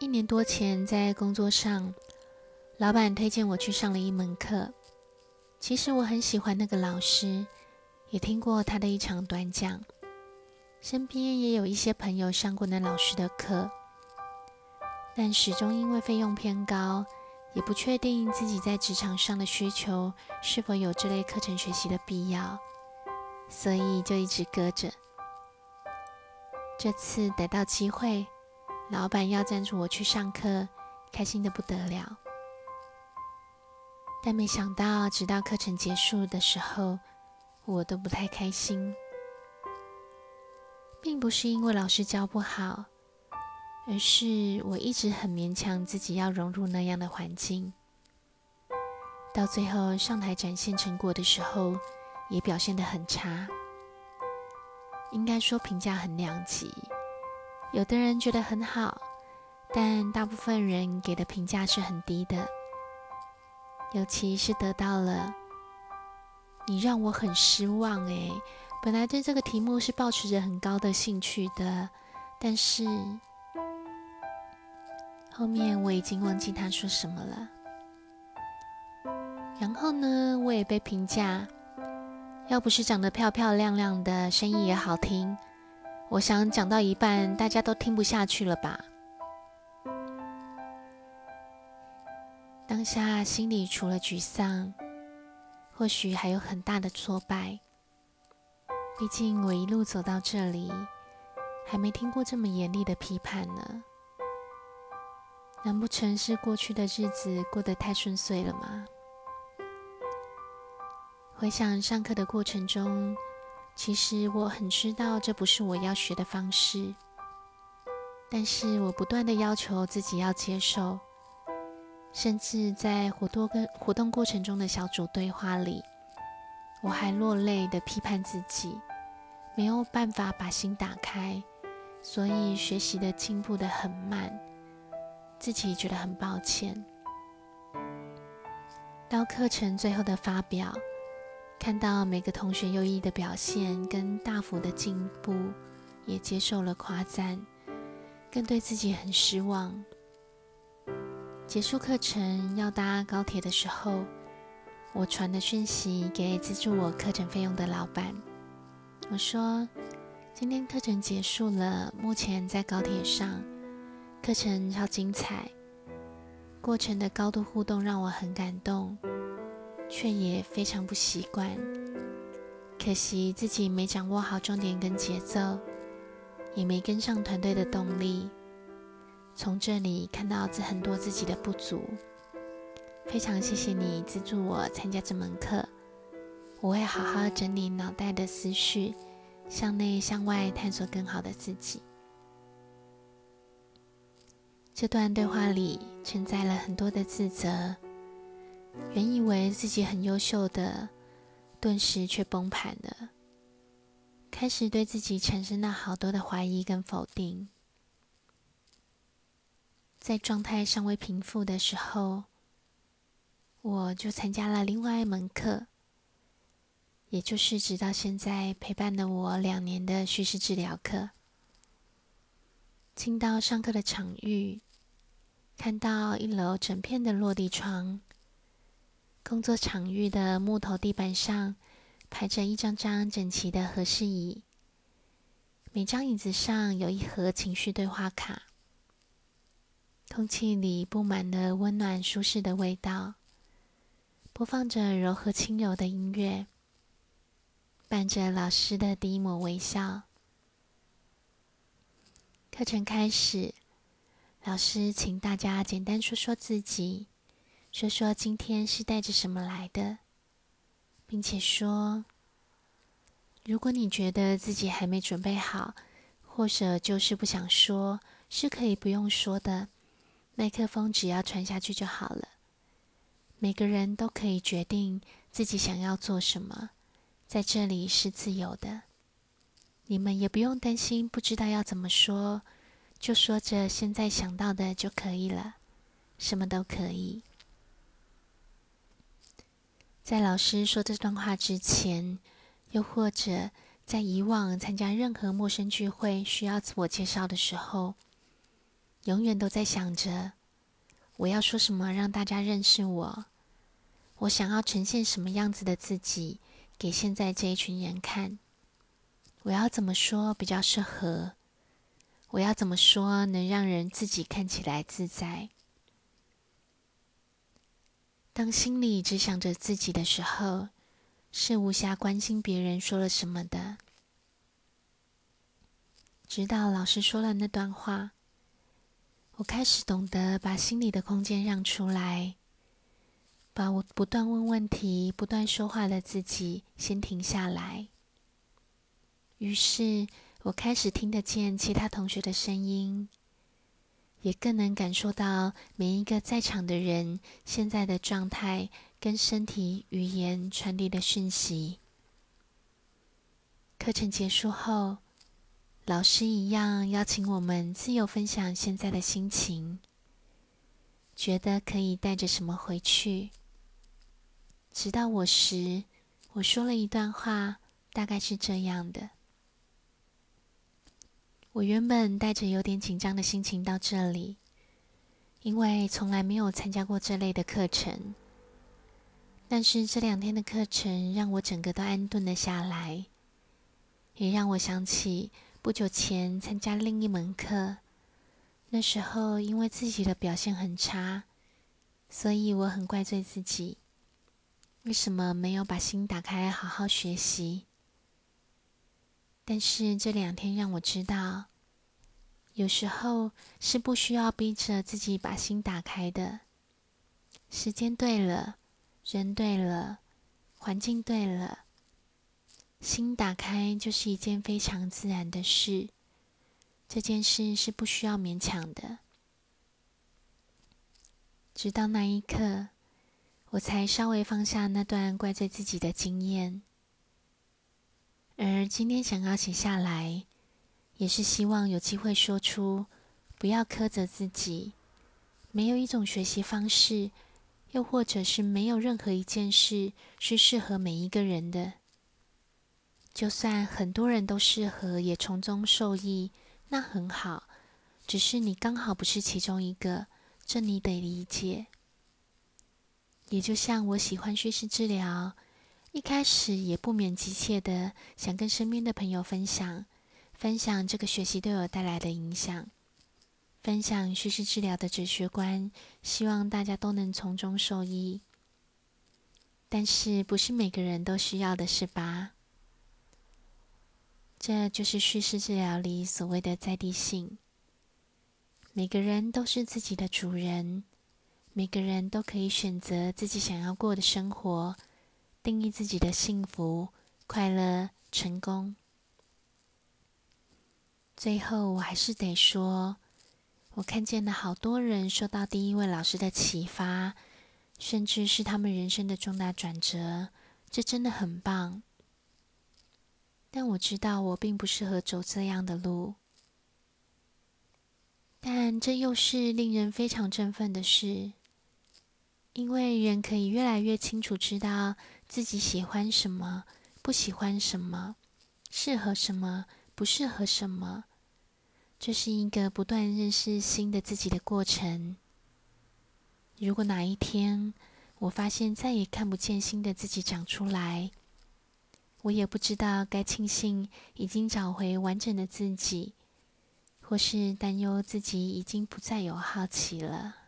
一年多前，在工作上，老板推薦我去上了一門課。其實我很喜歡那個老師，也聽過他的一場短講。身邊也有一些朋友上過那老師的課，但始終因為費用偏高，也不確定自己在職場上的需求是否有這類課程學習的必要，所以就一直擱着。這次得到機會，老闆要贊助我去上課，開心得不得了。但沒想到，直到課程結束的時候，我都不太開心。並不是因為老師教不好，而是我一直很勉強自己要融入那樣的環境。到最後上台展現成果的時候，也表現得很差。應該說，評價很兩極。有的人覺得很好，但大部分人給的評價是很低的。尤其是得到了，你讓我很失望哎、欸！本來對這個題目是抱持着很高的興趣的，但是後面我已經忘記他說什麼了。然後呢，我也被評價，要不是長得漂漂亮亮的，聲音也好聽。我想講到一半，大家都聽不下去了吧？當下心裡除了沮喪，或許還有很大的挫敗。畢竟我一路走到這裡，還沒聽過這麼嚴厲的批判呢。難不成是過去的日子過得太順遂了嗎？回想上課的過程中。其實我很知道這不是我要學的方式，但是我不斷的要求自己要接受，甚至在活動跟活動過程中的小組對話裡，我還落淚的批判自己，沒有辦法把心打開，所以學習的進步得很慢，自己覺得很抱歉。到課程最後的發表。看到每個同學優異的表現跟大幅的進步，也接受了誇讚，更對自己很失望。結束課程要搭高鐵的時候，我傳的訊息給資助我課程費用的老板，我說：今天課程結束了，目前在高鐵上，課程超精彩，過程的高度互動讓我很感動。卻也非常不習慣，可惜自己沒掌握好重點跟節奏，也沒跟上團隊的動力。從這裡看到這很多自己的不足，非常謝謝你資助我參加這門課，我會好好整理腦袋的思緒，向內向外探索更好的自己。這段對話裡承載了很多的自責。原以為自己很優秀的，頓時卻崩盤了，開始對自己產生了好多的懷疑跟否定。在狀態尚未平復的時候，我就參加了另外一門課，也就是直到現在陪伴了我兩年的敘事治療課。進到上課的場域，看到一樓整片的落地窗。工作場域的木頭地板上，排着一張張整齊的和室椅。每張椅子上有一盒情緒對話卡。空氣裡布滿了溫暖舒適的味道，播放着柔和輕柔的音樂，伴着老師的第一抹微笑。課程開始，老師請大家簡單說說自己。說說今天是帶着什麼來的，並且說，如果你覺得自己還沒準備好，或者就是不想說，是可以不用說的。麥克風只要傳下去就好了。每個人都可以決定自己想要做什麼，在這裡是自由的。你們也不用擔心不知道要怎麼說，就說着現在想到的就可以了，什麼都可以。在老師說這段話之前，又或者在以往參加任何陌生聚會需要自我介紹的時候，永遠都在想着我要說什麼讓大家認識我，我想要呈現什麼樣子的自己給現在這一群人看，我要怎麼說比較適合，我要怎麼說能讓人自己看起來自在。當心裡只想着自己的時候，是無暇關心別人說了什麼的。直到老師說了那段話，我開始懂得把心裡的空間讓出來，把我不斷問問題、不斷說話的自己先停下來。於是，我開始聽得見其他同學的聲音。也更能感受到每一個在場的人現在的狀態跟身體語言傳遞的訊息。課程結束後，老師一樣邀請我們自由分享現在的心情，覺得可以帶着什麼回去。直到我時，我說了一段話，大概是這樣的。我原本帶着有點緊張的心情到這裡，因為從來沒有參加過這類的課程。但是這兩天的課程讓我整個都安頓了下來，也讓我想起不久前參加另一門課，那時候因為自己的表現很差，所以我很怪罪自己，為什麼沒有把心打開，好好學習。但是這兩天讓我知道，有時候是不需要逼着自己把心打開的。時間對了，人對了，環境對了，心打開就是一件非常自然的事。這件事是不需要勉強的。直到那一刻，我才稍微放下那段怪罪自己的經驗。而今天想要寫下來，也是希望有機會說出，不要苛責自己。沒有一種學習方式，又或者是沒有任何一件事是適合每一個人的。就算很多人都適合，也從中受益，那很好。只是你剛好不是其中一個，這你得理解。也就像我喜歡敘事治療。一開始也不免急切地想跟身邊的朋友分享，分享這個學習對我帶來的影響，分享敘事治療的哲學觀，希望大家都能從中受益。但是，不是每個人都需要的是吧？這就是敘事治療裡所謂的在地性。每個人都是自己的主人，每個人都可以選擇自己想要過的生活。定義自己的幸福、快樂、成功。最後，我還是得說，我看見了好多人受到第一位老師的啟發，甚至是他們人生的重大轉折，這真的很棒。但我知道我並不適合走這樣的路，但這又是令人非常振奮的事。因為人可以越來越清楚知道自己喜歡什麼、不喜歡什麼、適合什麼、不適合什麼，這是一個不斷認識新的自己的過程。如果哪一天我發現再也看不見新的自己長出來，我也不知道該慶幸已經找回完整的自己，或是擔憂自己已經不再有好奇了。